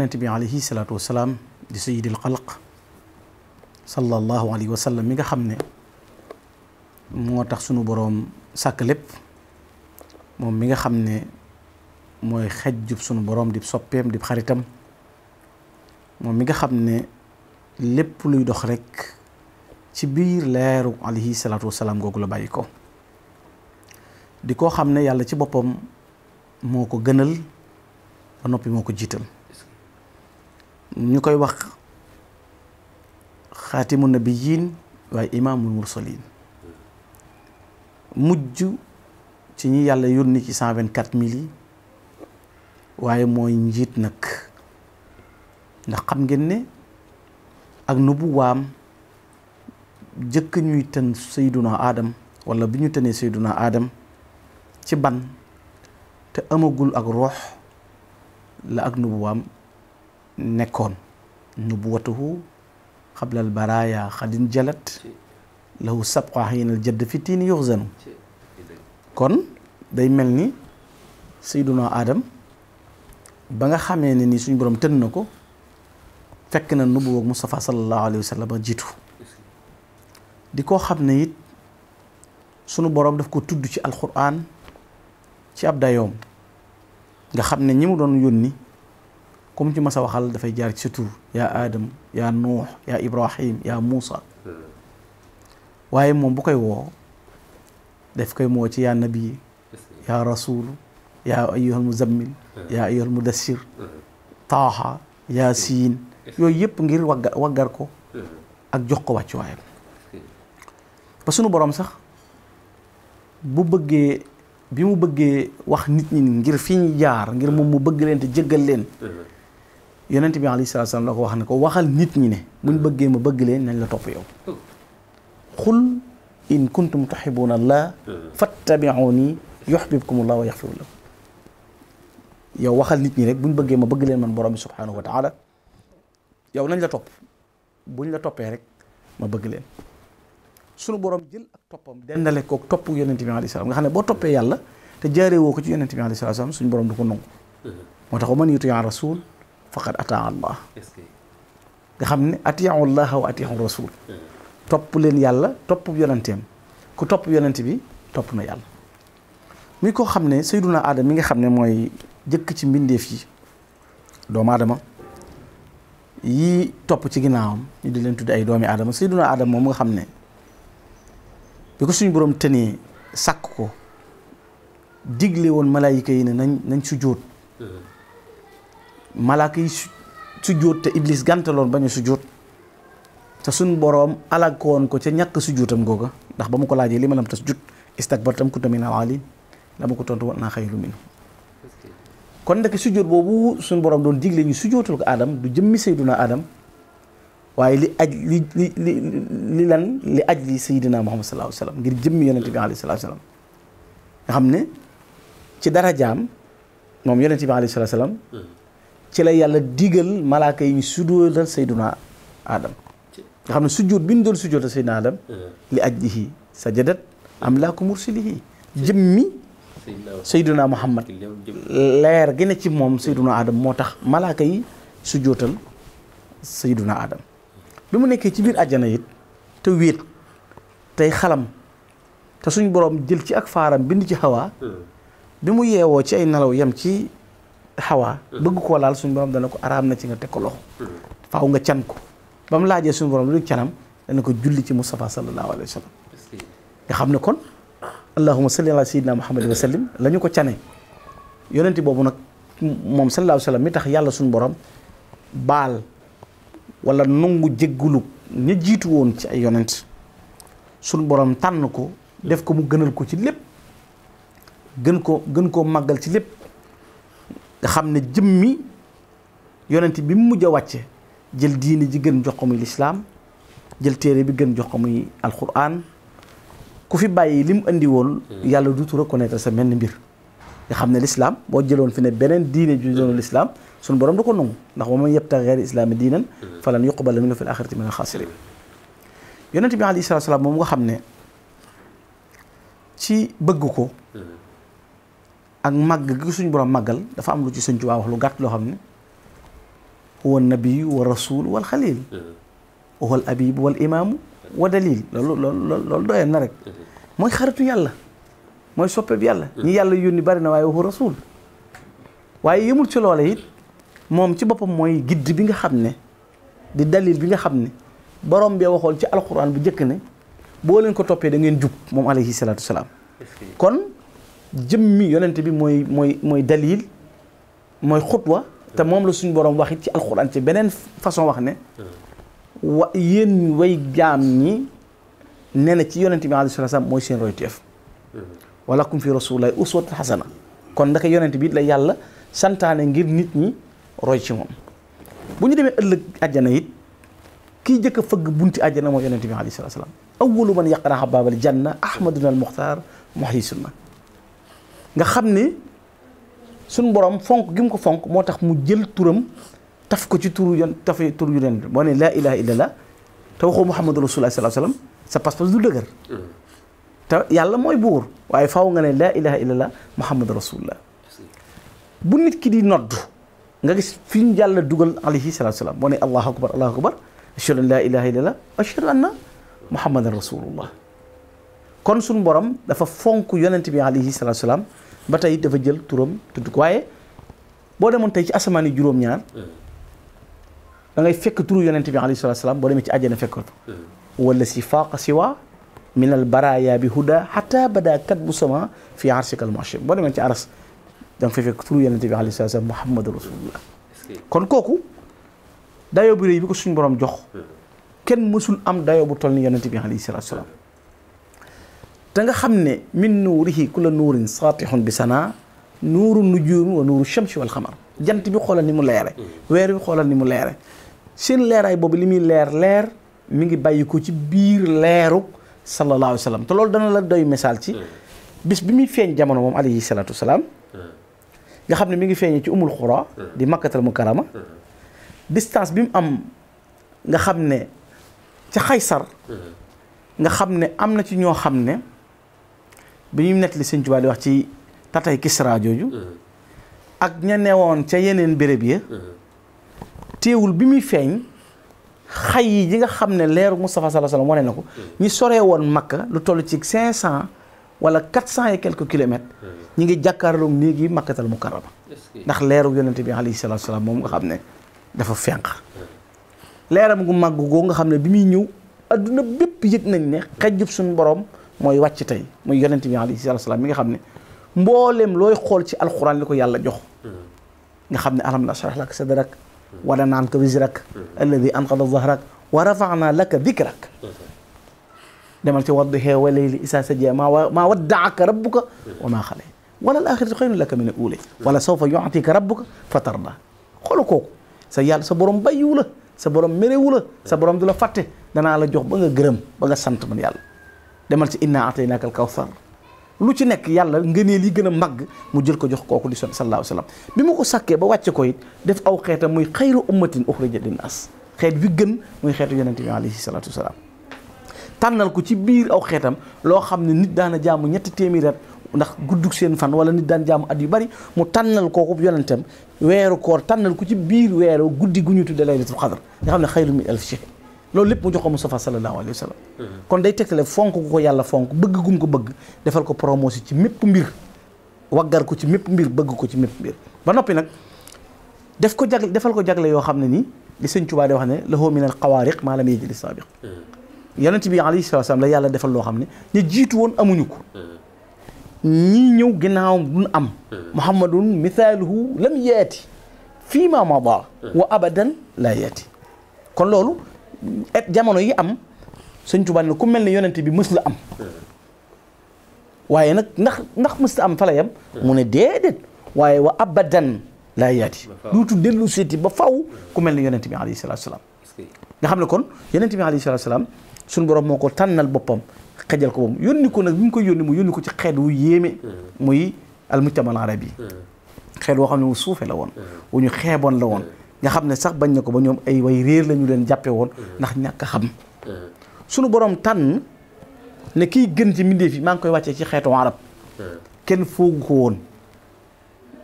yonent bi alayhi salaatu di sayidil xalq sallallahu alayhi mi nga xam ne moo tax sunu boroom sàkk lépp moom mi nga xam ne mooy xejjub sunu boroom di soppeem di xaritam moom mi nga xam ne lépp luy dox rekk ci biir leeru alayhi salaatu wasalaam googu la bàyyi ko di koo xam ne yàlla ci boppam moo ko gënal ba noppi moo ko jiital ñu koy wax xaatimu nabiyin waaye imaamul mursalin mujj ci ñi yàlla yónni ci cent vingt quatre mille waaye mooy njiit nag ndax xam ngeen ne ak nubu waam jëkk ñuy tën sayduna aadam wala bi ñu tënee sayduna aadam ci ban te amagul ak roox la ak nubu nekkoon nubuwatuhu xablal baraya xadin jalat lahu sabqa xiinal jadd fi tiin yuxzanu kon day mel ni sayduna adam ba nga xamee ne ni suñu borom tën na ko fekk na nubuwak Mustafa sallallahu alayhi wa sallam jiitu di koo xam ne it sunu borom daf ko tudd ci alquran ci ab dayoom nga xam ne ñi mu doon yónni comme ci mas waxal dafay jaar ci sa tur yaa Adam yaa Nuux yaa Ibrahim yaa Muusa waaye moom bu koy woo daf koy moo ci yaa nabi yaa rasul yaa ayyuhal muzammil yaa ayyuhal mudassir taaha yaa siin yooyu yëpp ngir waggar ko ak jox ko wàccuwaayam ba sunu boroom sax bu bëggee bi mu bëggee wax nit ñi ngir fi ñu jaar ngir moom mu bëgg leen te jëggal leen yonent bi alayhi salaatu salaam la ko wax na ko waxal nit ñi ne buñ bëggee ma bëgg leen nañ la topp yow xul in kuntum tuhibuuna allah fattabiuni yuhbibkum allah wa yaxfiru lakum yow waxal nit ñi rek buñ bëggee ma bëgg leen man borom bi subhanahu wa taala yow nañ la topp buñ la toppee rek ma bëgg leen sunu borom jël ak toppam dendale koog topp yonent bi alayhi salaam nga xam ne boo toppee yàlla te jaaree woo ko ci yonent bi alayhi salaam suñu borom du ko nangu moo tax wa faqad ataa allah nga xam ne atiiwu llaha wa atiiwu rasul topp leen yàlla topp yonenteem ku topp yonente bi topp na yàlla muy koo xam ne sayduna aadama mi nga xam ne mooy jëkk ci mbindeef yi doomu aadama yii topp ci ginnaawam di leen tudde ay doomi aadama sayduna aadama moom nga xam ne bi ko suñu boroom tënee sàkk ko digle woon malaayika yi ne nañ nañ sujjóot mm-hmm. malaaka yi sujjóot te iblis gàntaloon bañ a sujjóot te suñ boroom alag ko woon ko ca ñàkk sujjóotam googa ndax ba mu ko laajee li ma lam tasjud istakbartam kunta minal aaliin la ma ko tontu wa naa xayrun minhu kon ndeke sujjóot boobu suñ boroom doon digle ñu sujjóotal ko aadam du jëmmi sayduna aadam waaye li aj li li li li lan li aj li saydina muhammad sallallahu alayhi wa sallam ngir jëmmi yonent bi alayhi salatu salaam xam ne ci dara jaam moom yonent bi alayhi salatu salaam hmm. ci la yàlla digal malaaka yi ñu sujjóotal sayduna Adam nga xam ne sujjóot bi ñu doon sujjóotal sayduna Adam eh. li ajlihi sajadat amlaaku mursilihi jëmmi sayduna Muhammad leer gi ne ci moom sayduna Adam moo tax malaaka yi sujjóotal sayduna Adam bi mu nekkee ci biir àjjana it te wéet tey xalam te suñ boroom jël ci ak faaram bind ci xawaa eh. bi mu yeewoo ci ay nelaw yam ci xawaa mm-hmm. bëgg koo laal suñu borom dana ko araab na ci nga teg ko loxo mm-hmm. faaw nga can ko ba mu laajee suñu borom lu canam dana ko julli ci Moustapha sallallahu alayhi wa sallam nga xam ne kon allahuma salli ala sayyidina muhammadin wa sallim la ñu ko cane yonenti boobu nag moom sallallahu alayhi wa mi tax yàlla suñu borom baal wala nungu jéggulu ña jiitu woon ci ay yonent suñu borom tànn ko def ko mu gënal ko ci lépp gën ko gën koo màggal ci lépp nga xam ne jëmmi yonent bi mu mujj a wàcce jël diine ji gën jox ko muy lislaam jël téere bi gën jox ko muy alquran ku fi bàyyi li mu indi woon hmm. yàlla duutu reconnaître sa mel ni mbir nga xam ne lislaam boo jëloon fi ne beneen diine ju doonu lislaam suñu borom du ko nangu ndax wa man yabtaxi gayra islaami diinan hmm. falan yuqbala minhu fil axirati minal xaasiriin yonent bi alayhi salaatu wa moom nga xam ne ci bëgg ko hmm. ak màgg gi suñu borom màggal dafa am lu ci Sëñ Tuubaa wax lu gàtt loo xam ne huwa nabiyu wa rasul wal xalil mm-hmm. huwa al wal imaamu wa dalil loolu loolu loolu na rek mm-hmm. mooy xaritu yàlla mooy soppeeb yàlla mm-hmm. ñi yàlla yónni bari na waaye waxu rasul waaye yëmul ci loola it moom ci boppam mooy gidd bi nga xam ne di dalil bi nga xam ne borom bee waxoon ci alxuraan bu njëkk ne boo leen ko toppee da ngeen jub moom alayhi salaatu salaam mi yonent bi mooy mooy mooy dalil mooy xutwa te moom la suñu boroom wax ci alxuraan ci beneen façon wax ne wa yéen way jaam ñi nee na ci yonent bi alayhi salaam mooy seen royteef walakum fi rasulillahi uswatun xasana kon ndaka yonent bi la yàlla santaane ngir nit ñi roy ci moom bu ñu demee ëllëg àjjana yit kii jëkk a fëgg bunti àjjana mooy yonent bi alayhi salaam awwalu man yaqra xabaabal janna ahmaduna al muxtaar muhyisunna nga xam ni sun borom fonk gi ko fonk moo tax mu jël turam taf ko ci turu yoon taf turu yu nen boo ne laa ilaha illallah te waxoo muhammadu rasulullah sallallahu alayhi wasallam sa pas-pas du dëgër te yàlla mooy buur waaye faaw nga ne laa ilaha illallah muhammadu rasulullah bu nit ki di nodd nga gis fi ñu yàlla dugal alayhi salatu wasalam boo ne allahu akbar allahu akbar ashhadu an laa ilaha illallah ashhadu anna muhammadan rasulullah kon suñu borom dafa fonk yonent bi alayhi salaatu salaam ba tey dafa jël turam tudd ko waaye boo demoon tey ci asamaan yi juróom-ñaar eh. da ngay fekk turu yonent bi alayhi salaatu salaam boo demee ci àjjana fekk ko eh. wala si faaqa siwa min al baraya bi huda hatta bada kat bu sama fi arsikal machim boo demee ci aras da nga fay fekk turu yonent bi alayhi salaatu salaam muhammadu rasulullah kon kooku dayoo bi ko suñu borom jox eh. kenn mësul am dayoo bu toll ni yonent bi alayhi salaatu te nga xam ne min nuurihi kulla nuurin saatihun bi sana nuuru nujum wa nuuru shamsi jant bi xoolal ni mu leere weer xoolal ni mu leere seen leeraay boobu li muy leer leer mi ngi bàyyi ci biir leeruk sallallahu alayhi wa loolu dana la doy misaal ci bis bi muy feeñ jamono moom alayhi salaatu wasalaam nga xam ne mi ngi feeñee ci umul xura di makkatal mukarama distance bi mu am nga xam ne ca xaysar nga xam ne am na ci ñoo xam ne bi ñu nettali Sëñ Tuubaa di wax ci tatay Kisra jooju ak ña newoon ca yeneen béréb yi téewul bi muy feeñ xay yi ji nga xam ne leeru Moustapha sallallahu alayhi wasallam wane na ko ñi soree woon Makka lu toll ci cinq cent wala quatre cent et quelques kilomètres ñi ngi jàkkaarloog léegi Makkatal Mukarrama ndax leeru yonente bi alayhi salaatu salaam moom nga xam ne dafa fenq leeram gu màgg goo nga xam ne bi muy ñëw adduna bépp yëg nañ ne xajjub suñu borom mooy wàcc tey mooy yonent bi alayhi mi nga xam ne mboolem looy xool ci alxuraan li ko yàlla jox nga xam ne alam nashrah laka sadrak wa wadanaan ka wisrak alladi anqada zahrak wa rafaana laka dikrak demal ci wadduha wa layli isaa sajaa maa maa waddaaka rabbuka wa maa xala wala al axiratu xayrun laka min al uula wala sawfa yuatika rabbuka fa tarda xool ko sa yàlla sa borom bayiwu la sa borom méréwu la sa borom du la fàtte danaa la jox ba nga gërëm ba nga sant man yàlla demal ci inna ataynaaka al kawsar lu ci nekk yàlla ngëneel yi gën a màgg mu jël ko jox kooku di son sallallahu alayhi wa sallam bi mu ko sàkkee ba wàcce ko it def aw xeetam muy xayru ummatin uxrijat linnaas xeet bi gën muy xeetu yonente bi alayhi salatu wasalaam tànnal ko ci biir aw xeetam loo xam ne nit daana jàmm ñetti téeméeri at ndax guddug seen fan wala nit daan jàmm at yu bari mu tànnal kooku yonentam weeru koor tànnal ko ci biir weeru guddi gu ñu tudde laylatul xadr nga xam ne xayru min alf loolu lépp mu jox ko Moustapha sallallahu alayhi wa sallam kon day tegtale fonk ko yàlla fonk bëgg ko bëgg defal ko promotion ci mépp mbir waggar ko ci mépp mbir bëgg ko ci mépp mbir ba noppi nag def ko jagle defal ko jagle yoo xam ne nii li sëñ Tuubaa di wax ne lahu min al xawaariq maa lam yajli saabiq yonent bi alayhi salaam la yàlla defal loo xam ne ñu jiitu woon amuñu ko ñii ñëw ginnaawam duñ am muhammadun mithaaluhu lam yaati fii ma mada wa abadan laa yaati kon et jamono yi am sëñ Tuubaa ne ku mel ne yonent bi mës la am waaye nag ndax ndax mës am fa yam mu ne déedéet waaye wa abadan laa yaati duutu dellu seeti ba faw ku mel ne yonent bi alayhi salaam nga xam ne kon yonent bi alayhi salaatu salaam suñu borom moo ko tànnal boppam xajal ko moom yónni ko nag bi ngi koy yónni mu yónni ko ci xeet wu yéeme mm-hmm. muy almujtama al arabi mm-hmm. xeet woo xam ne wu suufe la woon mm-hmm. wu ñu xeeboon la woon nga xam ne sax bañ na ko ba ñoom ay way réer la ñu leen jàppe woon ndax ñàkk xam suñu borom tànn ne kiy gën ci mbindeef yi maa ngi koy wàccee ci xeetu arab kenn foogu ko woon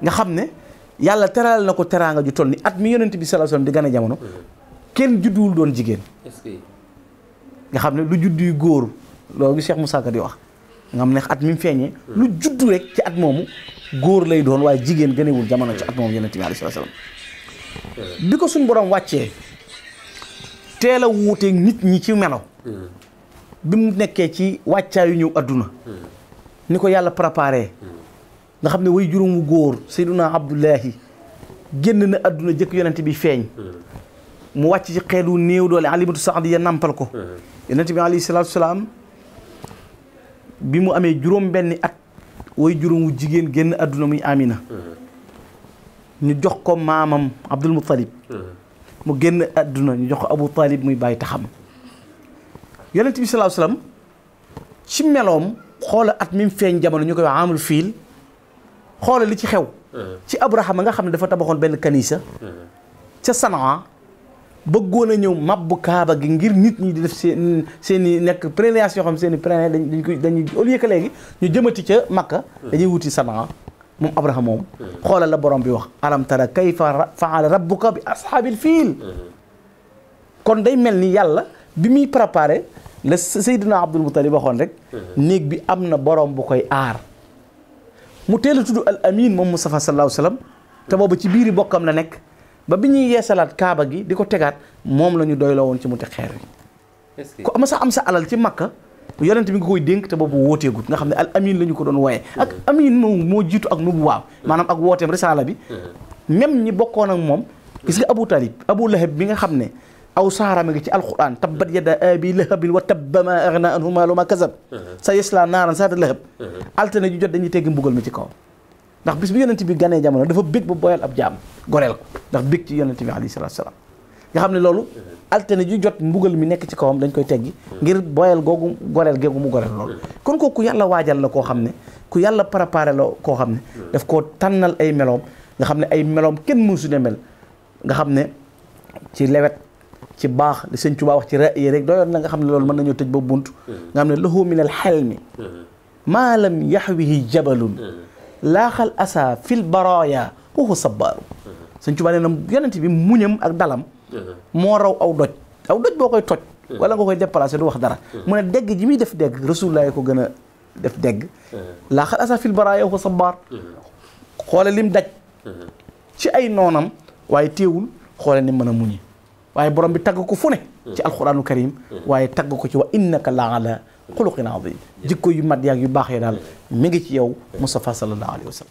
nga xam ne yàlla teraal na ko teraanga ju toll ni at mi yonent bi sallallahu alayhi wasallam di gane jamono kenn judduwul doon jigéen nga xam ne lu judd yu góor loolu Cheikh Moussa Ka di wax nga xam ne at mi mu feeñee lu judd rek ci at moomu góor lay doon waaye jigéen ganewul jamono ci at moomu yonent bi alayhi salaam bi ko suñ boroom wàccee teel a nit ñi ci melo bi mu nekkee ci wàccaayu ñëw àdduna ni ko yàlla préparé nga xam ne way juróomu góor Seyduna Abdullahi génn na àdduna jëkk yonent bi feeñ mu wàcc ci xeetu néew doole alimatu saxdi ya nàmpal ko yonent bi alayhi salaatu salaam bi mu amee juróom benni at way juróomu jigéen génn adduna muy Amina ñu jox ko maamam Abdul Muttalib hmm. mu génn àdduna ñu jox ko Abu Talib muy bàyyi taxam yonent bi salaahu salaam ci meloom xoola at mi mu feeñ jamono ñu koy wax amul fiil xoola li ci xew. Hmm. ci Abrahama nga xam ne dafa tabaxoon benn kanisa. Hmm. ca Sanaa bëggoon a ñëw mabbu Kaaba gi ngir nit ñi di def seen seen i nekk pèlerinage yoo xam seen i pèlerinage dañ dañ koy dañuy au lieu que léegi ñu jëmati ca Makka. dañuy wuti Sanaa. moom Abraham moom xoolal la borom bi wax alam tara kayfa faala rabbuka bi ashaabil fiil kon day mel ni yàlla bi muy préparé la Seydina Abdul Mutalib waxoon rek néeg bi am na borom bu koy aar mu teel a tudd al amin moom Mustafa sallallahu alayhi wa te boobu ci biir biiri bokkam la nekk ba bi ñuy yeesalaat kaaba gi di ko tegaat moom la ñu doyloo woon ci mu te xeer wi ku am sa am sa alal ci makka yonent bi nga koy dénk te boobu wooteegut nga xam ne al amin la ñu ko doon wooyee ak amin moom moo jiitu ak nubu waaw maanaam ak wooteem risaala bi même ñi bokkoon ak moom gis nga abou talib abou bi nga xam ne aw saara ma ngi ci alquran tabbat yada abi lahabin wa tabba ma agna anhu ma kasab sa yasla naaran saata lahab altane ju jot dañuy tegg mbugal mi ci kaw ndax bis bi yonent bi ganee jamono dafa bég ba boyal ab jaam goreel ko ndax bég ci yonent bi alayhi salatu salaam nga xam ne loolu altine ju jot mbugal mi nekk ci kawam dañ koy teggi ngir boyal googu goreel geegu mu goreel loolu kon ko ku yàlla waajal la koo xam ne ku yàlla préparé la koo xam ne daf koo tànnal ay meloom nga xam ne ay meloom kenn mësu ne mel nga xam ne ci lewet ci baax li sëñ Tuubaa wax ci ra yi rek na nga xam ne loolu mën nañoo tëj ba bunt nga xam ne lahu min al xelmi maa lam yaxwihi jabalun laaxal asa fil baraya waxu sabaaru sëñ Tuubaa na yonent bi muñam ak dalam moo raw aw doj aw doj boo koy toj wala nga koy déplacé du wax dara mu ne dégg ji muy def degg rasulullah ko gën a def degg laa xal asa fil bara yow ko sa baar xoole lim daj ci ay noonam waaye téewul xoole ni mën a muñi waaye borom bi tagg ko fu ne ci alquraanul karim waaye tagg ko ci wa innaka la ala xuluqin azim jikko yu mat yaag yu baax ya daal mi ngi ci yow Mustafa sallallahu alayhi wa